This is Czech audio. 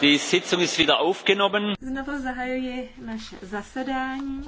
Die Sitzung ist wieder aufgenommen. Znovu zahajuji naše zasedání.